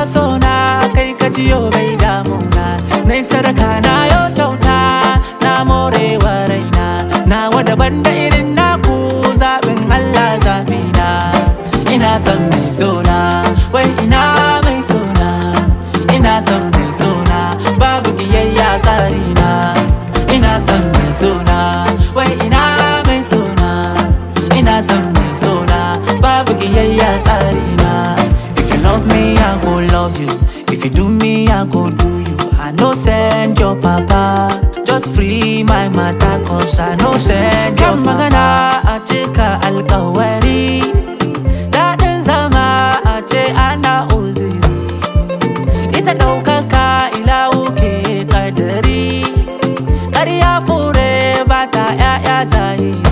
ka so na kai ka jiyo bai damuna nai sadaka na yau kyauta na morewa raina na wada banda irin naku zaɓin Allah zaɓina ina son mai sona wai ina mai sona ina son mai sona babu biyayya na, ina son mai sona wai ina mai sona ina son love you if you do me i go do you i no send your papa just free my mother, cause i no send your papa magana a cika alkawari daɗin zama a ce ana oziri ita ɗaukaka ilawu ke kadari ƙarya fure bata ‘ya'ya zahiri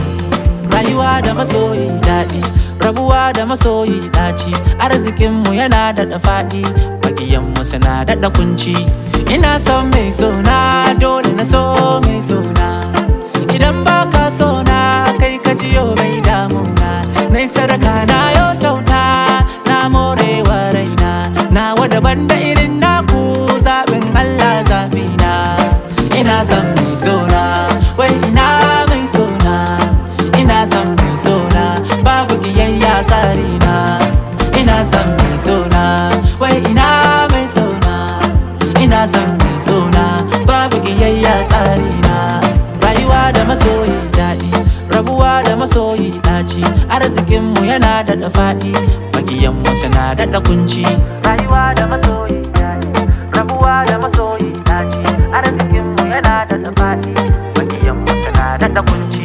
rayuwa da masoyi daɗi rabuwa da masoyi ɗaci, arzikinmu yana daɗa faɗi bagiyanmu suna da kunci ina son mai sona dole na so mai sona idan ba ka sona kai ka yo mai damuna na sadaka na yau kyauta na morewa raina na wada banda ina na ina son mai sona wai ina mai sona ina son mai sona babu giyayya na. rayuwa da masoyi daɗi rabuwa da masoyi ɗaci arzikinmu yana daɗa faɗi magiyanmu suna daɗa kunci rayuwa da masoyi rabuwa da masoyi ɗaci yana daɗa magiyanmu suna da kunci